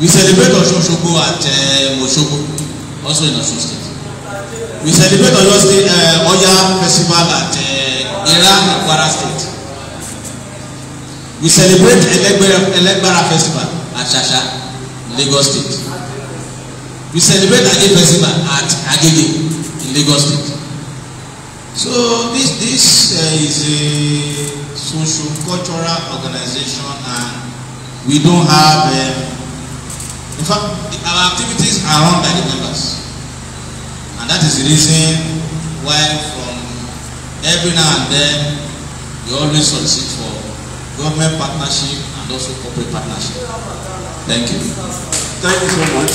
we celebrate Osun Osogbo at uh, Mosogbo also in Osun State. We celebrate Oyo State uh, Oya Festival at uh, Ira in State. We celebrate Elegbara, Elegbara Festival at Shasha, Lagos State. We celebrate Age Festival at Agege in Lagos State. So this this uh, is a social cultural organization and we don't have uh, in fact our activities are run by the members the reason why from every now and then we always solicit for government partnership and also corporate partnership. Thank you. Thank you so much.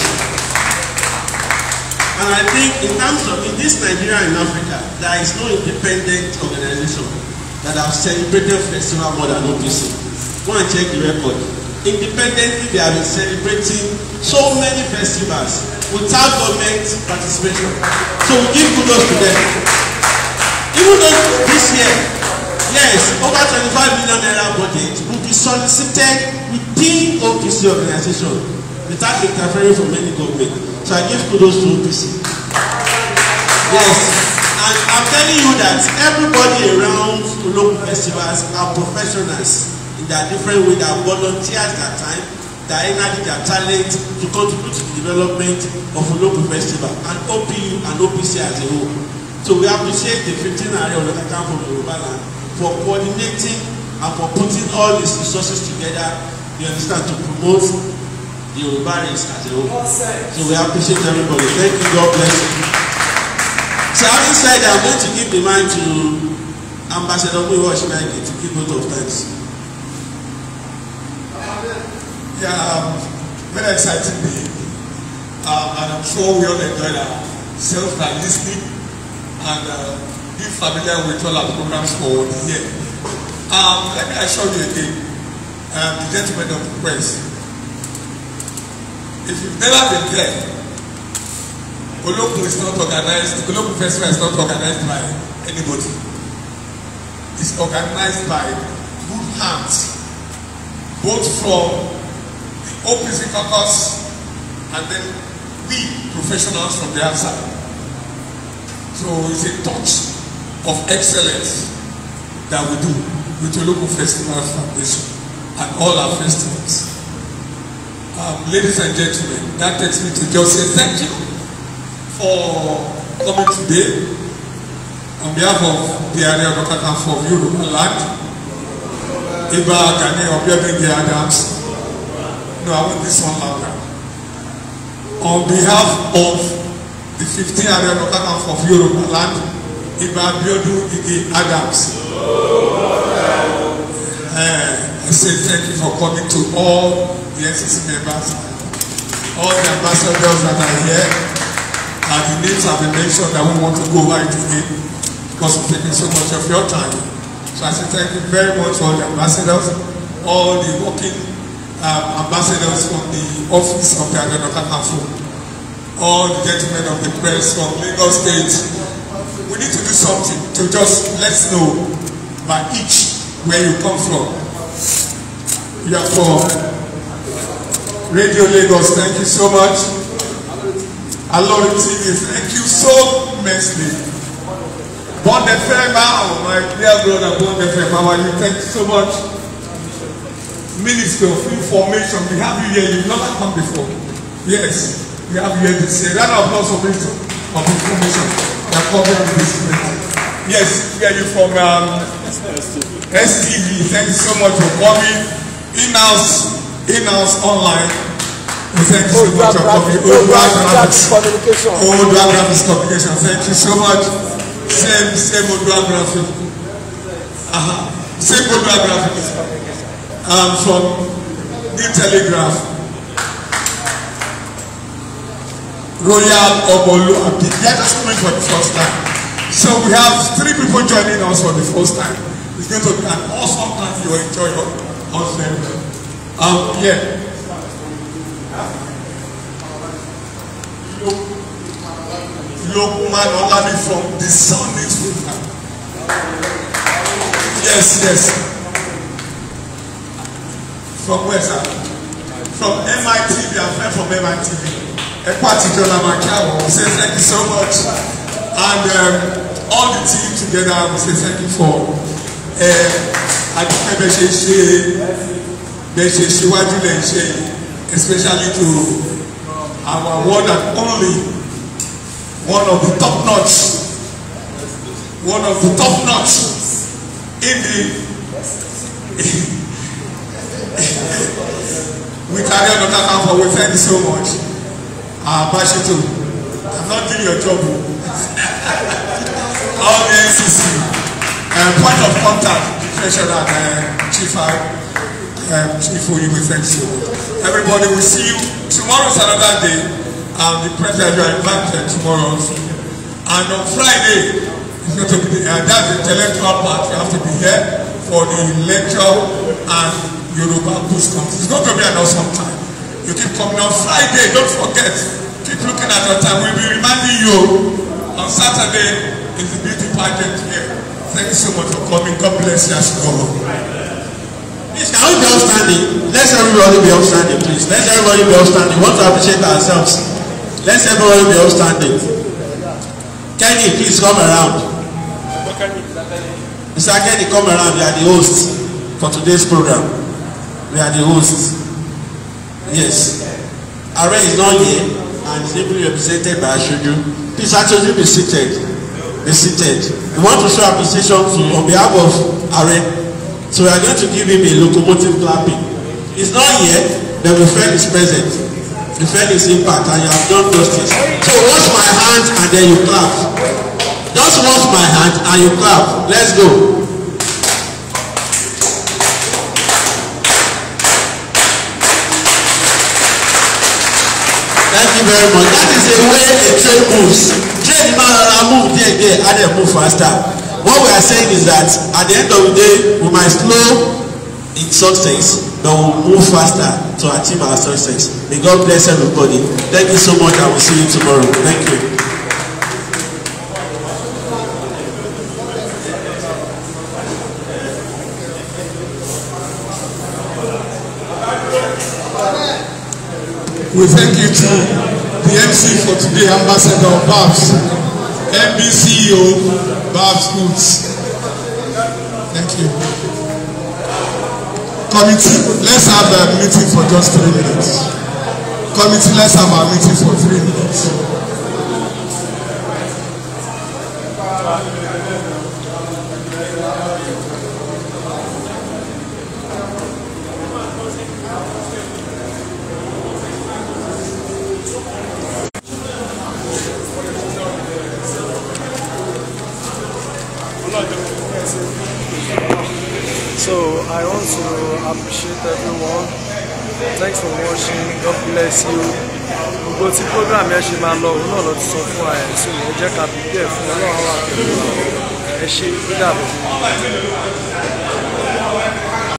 And I think in terms of in this Nigeria and Africa, there is no independent organization that have celebrated festival more than OPC. Go and check the record. Independently, they have been celebrating so many festivals without government participation so we give kudos to them even though this year yes over twenty-five million naira budget will be solicited within OPC organization without interference from any government so I give kudos to OPC yes and I'm telling you that everybody around local festivals are professionals in their different way they volunteer volunteers that time their energy, their talent to contribute to the development of local Festival and OPU and OPC as a whole. So we appreciate the 15th Ààrẹ Ọ̀nà Kakanfò from Yoruba land for coordinating and for putting all these resources together, you understand, to promote the Yoruba race as a whole. So we appreciate everybody. Thank you. God bless you. So having said that, I'm going to give the mic to Ambassador Muyiwa Osinbajo to give vote of thanks yeah, um, very exciting day. Um, and I'm sure we all enjoyed ourselves by listening and uh, be familiar with all our programs for the year. Um, let me assure you again, um, the gentleman of the press, if you've never been there, Olokun is not organized, Olokun Festival is not organized by anybody. It's organized by good hands, both from OPC caucus, and then we professionals from the outside. So it's a touch of excellence that we do with the local festival foundation and all our festivals. Um, ladies and gentlemen, that takes me to just say thank you for coming today on behalf of the area of Okata for Yoruba land. Iba Gani Obiabenge Adams. No, I want this one louder. On behalf of the 15th Area Local of Europe Land, Iba Abiodu Ige Adams. Eh, I say thank you for coming to all the NCC members, all the ambassadors that are here, and the names have been mentioned that we want to go right again because we've taking so much of your time. So I say thank you very much for all the ambassadors, all the working um, ambassadors from the office of the Agado Katafo, all the gentlemen of the press from Lagos State. We need to do something to just let us know by each where you come from. You are from Radio Lagos, thank you so much. Alori TV, thank you so immensely. Bond FM, ah, my dear brother Bond FM, how are you? Thank you so much. Ministry of Information. We have you here. You've never come before. Yes, we have you here this year. Round of applause for Ministry of Information. They are covering this meeting. Yes, we are you from um, STV. Thank you so much for coming. In-house, in-house online. Thank you so much for coming. Odua Graphics Communication. Odua Graphics Communication. Thank you so much. Same, same Odua Graphics. Uh-huh. Same Odua Graphics. I'm from the Telegraph. Royal Oboluwapi. They are just coming for the first time. So we have three people joining us for the first time. It's going to be an awesome time you will enjoy your husband. Um, yeah. Lokman Olami from the Sunday School. Yes, yes. From where, sir? From MITV. I'm friend from MITV. Ekwa Tijola Makawa. We say thank you so much. And um, all the team together, we say thank you for Uh, bẹ́ẹ̀ ṣe ṣe bẹ́ẹ̀ especially to our one and only one of the top notch one of the top notch in the we carry another half but we thank you so much ah too. i'm not doing your job (laughs) all the ncc uh, eh, point of contact treasurer uh, chief uh, uh, chief oyinbo thank you so much everybody we see you tomorrow is another day and the president you are invited tomorrow and on friday is going to be the uh, that's the intellectual part you have to be here for the lecture and. Yoruba Bush comes. It's going to be awesome time. You keep coming on Friday, don't forget. Keep looking at your time. We'll be reminding you on Saturday is the beauty pageant here. Thank you so much for coming. God bless you as you go. Please, can we be outstanding? Let's everybody be outstanding, please. Let's everybody be outstanding. We want to appreciate ourselves. Let's everybody be outstanding. Kenny, please come around. Mr. Kenny, come around. You are the host for today's program. we are the hosts yes ààrẹ is not here and is ably represented by aṣojú please aṣojú be seated be seated we want to show appreciation to on behalf of ààrẹ so we are going to give him a locomotive clapping he is not here but we feel his presence we feel his impact and you have done justice so wash my hand and then you clap just wash my hand and you clap let's go. very much that is the way a train moves train ma rara move there there and then move faster what we are saying is that at the end of the day we might slow in success but we move faster to achieve our success may God bless everybody thank you so much I will see you tomorrow thank you. We thank you too the MC for today ambassador Babs MBCEO Babs Woods. Thank you. Committee, let's have a meeting for just three minutes. Committee, let's have a meeting for three minutes. bless you gbogbo tí program yẹn ṣe máa lọ òun náà lọ ti sọ fún ẹ sí ẹ jẹ́ ká bí díẹ̀ fún ọlọ́run àti ẹ ṣe dídàbọ̀.